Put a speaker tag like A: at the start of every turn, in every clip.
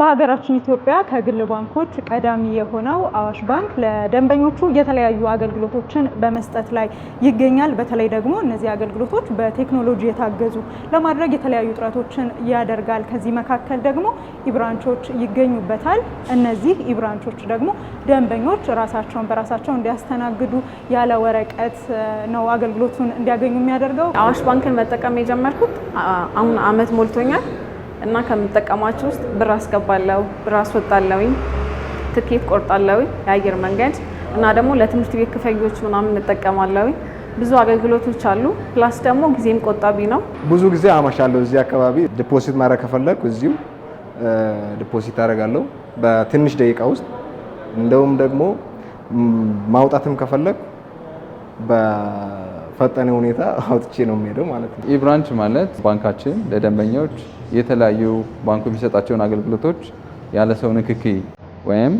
A: በሀገራችን ኢትዮጵያ ከግል ባንኮች ቀዳሚ የሆነው አዋሽ ባንክ ለደንበኞቹ የተለያዩ አገልግሎቶችን በመስጠት ላይ ይገኛል። በተለይ ደግሞ እነዚህ አገልግሎቶች በቴክኖሎጂ የታገዙ ለማድረግ የተለያዩ ጥረቶችን ያደርጋል። ከዚህ መካከል ደግሞ ኢብራንቾች ይገኙበታል። እነዚህ ኢብራንቾች ደግሞ ደንበኞች ራሳቸውን በራሳቸው እንዲያስተናግዱ ያለ ወረቀት ነው አገልግሎቱን እንዲያገኙ የሚያደርገው።
B: አዋሽ ባንክን መጠቀም የጀመርኩት አሁን አመት ሞልቶኛል። እና ከምጠቀማቸው ውስጥ ብር አስገባለሁ፣ ብር አስወጣለው ትኬት ቆርጣለው የአየር መንገድ እና ደግሞ ለትምህርት ቤት ክፍያዎች ምናምን እጠቀማለሁኝ። ብዙ አገልግሎቶች አሉ። ፕላስ ደግሞ ጊዜም ቆጣቢ ነው።
C: ብዙ ጊዜ አመሻለሁ እዚህ አካባቢ። ዲፖዚት ማድረግ ከፈለግ እዚሁ ዲፖዚት አደርጋለሁ በትንሽ ደቂቃ ውስጥ። እንደውም ደግሞ ማውጣትም ከፈለግ ፈጠነ ሁኔታ አውጥቼ ነው የሚሄደው ማለት ነው። ኢ ብራንች ማለት ባንካችን ለደንበኞች የተለያዩ ባንኩ የሚሰጣቸውን አገልግሎቶች ያለ ሰው ንክኪ ወይም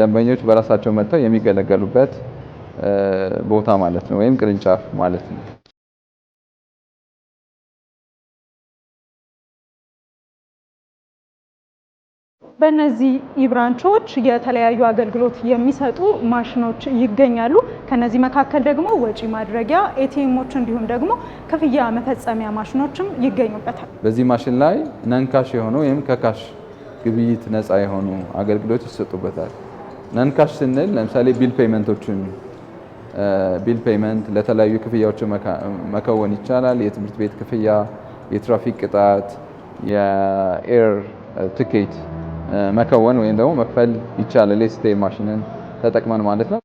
C: ደንበኞች በራሳቸው መጥተው የሚገለገሉበት ቦታ ማለት ነው፣ ወይም ቅርንጫፍ ማለት ነው።
A: በእነዚህ ኢብራንቾች የተለያዩ አገልግሎት የሚሰጡ ማሽኖች ይገኛሉ። ከነዚህ መካከል ደግሞ ወጪ ማድረጊያ ኤቲኤሞች፣ እንዲሁም ደግሞ ክፍያ መፈጸሚያ ማሽኖችም ይገኙበታል።
C: በዚህ ማሽን ላይ ነንካሽ የሆኑ ወይም ከካሽ ግብይት ነፃ የሆኑ አገልግሎት ይሰጡበታል። ነንካሽ ስንል ለምሳሌ ቢል ፔይመንቶችን ቢል ፔይመንት ለተለያዩ ክፍያዎች መከወን ይቻላል። የትምህርት ቤት ክፍያ፣ የትራፊክ ቅጣት፣ የኤር ትኬት መከወን ወይም ደግሞ መክፈል ይቻላል። የኤስቴ ማሽንን ተጠቅመን ማለት ነው።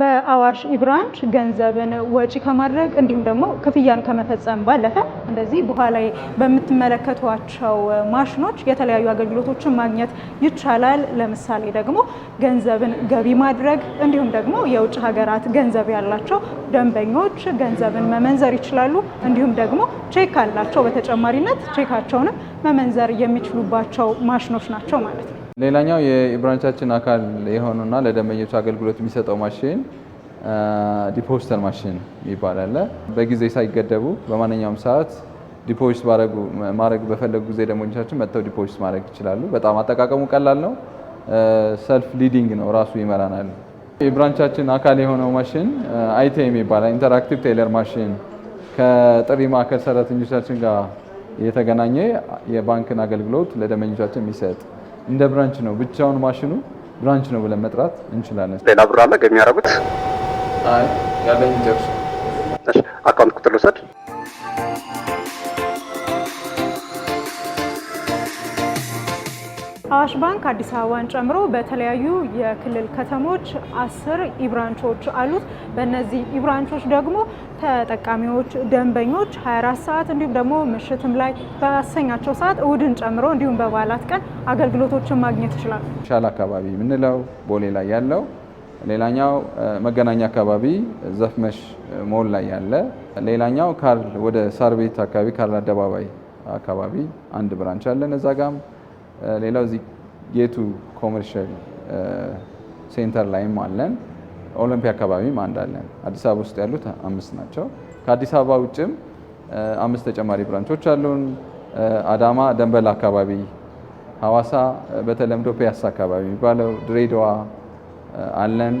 A: በአዋሽ ኢብራንች ገንዘብን ወጪ ከማድረግ እንዲሁም ደግሞ ክፍያን ከመፈጸም ባለፈ እንደዚህ በኋላ በምትመለከቷቸው ማሽኖች የተለያዩ አገልግሎቶችን ማግኘት ይቻላል። ለምሳሌ ደግሞ ገንዘብን ገቢ ማድረግ እንዲሁም ደግሞ የውጭ ሀገራት ገንዘብ ያላቸው ደንበኞች ገንዘብን መመንዘር ይችላሉ። እንዲሁም ደግሞ ቼክ አላቸው፣ በተጨማሪነት ቼካቸውንም መመንዘር የሚችሉባቸው ማሽኖች ናቸው ማለት ነው።
C: ሌላኛው የብራንቻችን አካል የሆኑና ለደንበኞች አገልግሎት የሚሰጠው ማሽን ዲፖስተር ማሽን ይባላል። በጊዜ ሳይገደቡ በማንኛውም ሰዓት ዲፖስት ማድረግ በፈለጉ ጊዜ ደንበኞቻችን መጥተው ዲፖስት ማድረግ ይችላሉ። በጣም አጠቃቀሙ ቀላል ነው። ሰልፍ ሊዲንግ ነው፣ ራሱ ይመራናል። የብራንቻችን አካል የሆነው ማሽን አይቲኤም ይባላል። ኢንተራክቲቭ ቴይለር ማሽን ከጥሪ ማዕከል ሰራተኞቻችን ጋር የተገናኘ የባንክን አገልግሎት ለደንበኞቻችን የሚሰጥ እንደ ብራንች ነው ብቻውን ማሽኑ ብራንች ነው ብለን መጥራት እንችላለን።
D: ሌላ ብር አለ የሚያደርጉት
E: አይ ያለኝ
D: አካውንት ቁጥር ልውሰድ
A: አዋሽ ባንክ አዲስ አበባን ጨምሮ በተለያዩ የክልል ከተሞች አስር ኢብራንቾች አሉት። በእነዚህ ኢብራንቾች ደግሞ ተጠቃሚዎች፣ ደንበኞች 24 ሰዓት እንዲሁም ደግሞ ምሽትም ላይ በሰኛቸው ሰዓት እሁድን ጨምሮ እንዲሁም በበዓላት ቀን አገልግሎቶችን ማግኘት ይችላል።
C: ሻል አካባቢ የምንለው ቦሌ ላይ ያለው ሌላኛው መገናኛ አካባቢ ዘፍመሽ ሞል ላይ ያለ ሌላኛው ካር ወደ ሳር ቤት አካባቢ ካር አደባባይ አካባቢ አንድ ብራንች አለ። እዛ ጋም ሌላው እዚህ የቱ ኮመርሻል ሴንተር ላይም አለን። ኦሎምፒያ አካባቢም አንድ አለን። አዲስ አበባ ውስጥ ያሉት አምስት ናቸው። ከአዲስ አበባ ውጭም አምስት ተጨማሪ ብራንቾች አሉን። አዳማ ደንበላ አካባቢ፣ ሀዋሳ በተለምዶ ፒያሳ አካባቢ የሚባለው፣ ድሬዳዋ አለን፣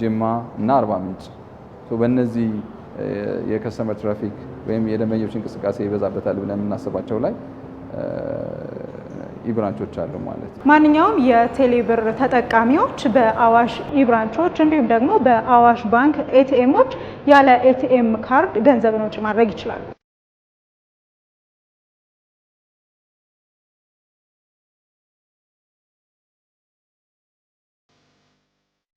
C: ጅማ እና አርባ ምንጭ በእነዚህ የከስተመር ትራፊክ ወይም የደንበኞች እንቅስቃሴ ይበዛበታል ብለን የምናስባቸው ላይ ኢብራንቾች አሉ ማለት
A: ነው። ማንኛውም የቴሌብር ተጠቃሚዎች በአዋሽ ኢብራንቾች እንዲሁም ደግሞ በአዋሽ ባንክ ኤቲኤሞች ያለ ኤቲኤም ካርድ ገንዘብን ወጪ ማድረግ ይችላሉ።